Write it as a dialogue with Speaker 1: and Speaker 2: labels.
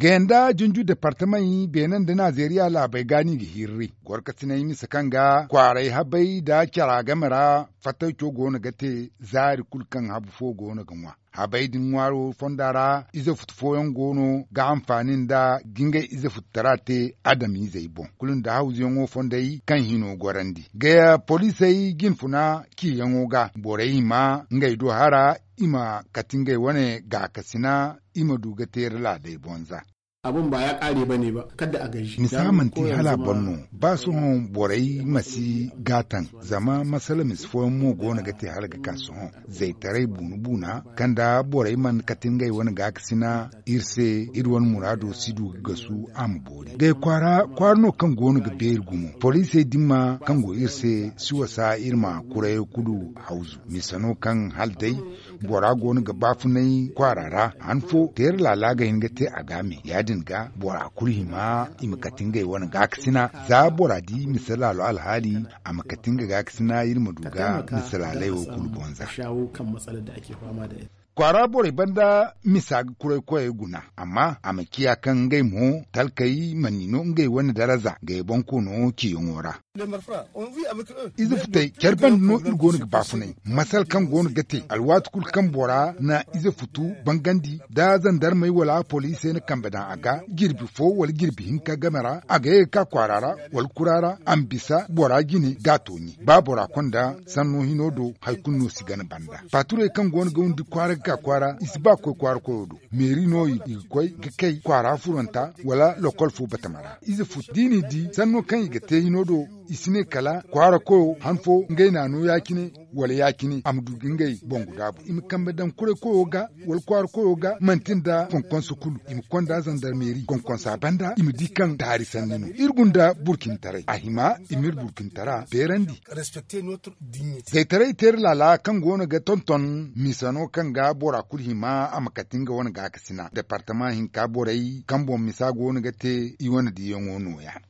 Speaker 1: Genda junju departement yi benin da la labai gani da hirri gwarkati na yi misa kan ga kwarai habai da kyara gamara cogo gona gate zari kulkan habu fo gona ganwa habai din waro fondara iza futfoyon gono ga amfanin da ginga iza futtara te adam zai bon kulun da hauzi da yi kan hino gwarandi ga polisai gin funa ki yango ga borai ma ngai do hara ima katingai wane ga kasina ima duga la dai bonza. abun ba ya kare ba ne ba kada a gaji misaman ti hala bonno ba su hon borai masi gatan zama masala misfoyan mu gona ga ti hala ga kasu hon zai tare bunu buna kanda borai man katin gai wani ga aksina irse irwan murado sidu ga su am bori gai kwara kwarno kan gona ga beir gumo police dimma kan go irse siwa sa irma kurai kudu hauzu misano kan haldai bora gona ga bafunai kwarara hanfo ter lalaga yin ga ti agame ya adin ga bora kurhima imakatinga wani ga kisina za bora di misala lo alhali a makatinga ga kisina yirma misalalai wa kulbonza kwara bore banda misa kurai kwaye guna amma a makiya kan gai mu talkai manino ngai wani daraza ga yabon kuno ki yin izifutai kerben no il gonu masal kan gonu gate alwatukul kan bora na izifutu bangandi da zandar mai wala polise na kambadan aga girbi fo wal girbi hinka gamara aga ye ka kwarara wal kurara ambisa bora gini gatoni ba bora konda sanno hinodo haikunu sigana banda pature kan gonu gaundi kwara ga kwara isba ko kwara ko kwara furanta wala lokol batamara izifutu di sanno kan igate isine kala kwara ko hanfo ngai nanu yakini wala yakini amdu ngai bongu dabu im kambe dan kure ko ga wal kwar ko ga mantinda su kulu im konda zandarmeri sa sabanda im dikan dari sannino irgunda burkin tare ahima imir burkin tara berandi respecter notre dignité te tare ter la kan gona ga tonton misano kan ga bora kulhima amakatin ga wani ga kasina departement hin ka borai kan bon misago wani ga te i wani diyon wono ya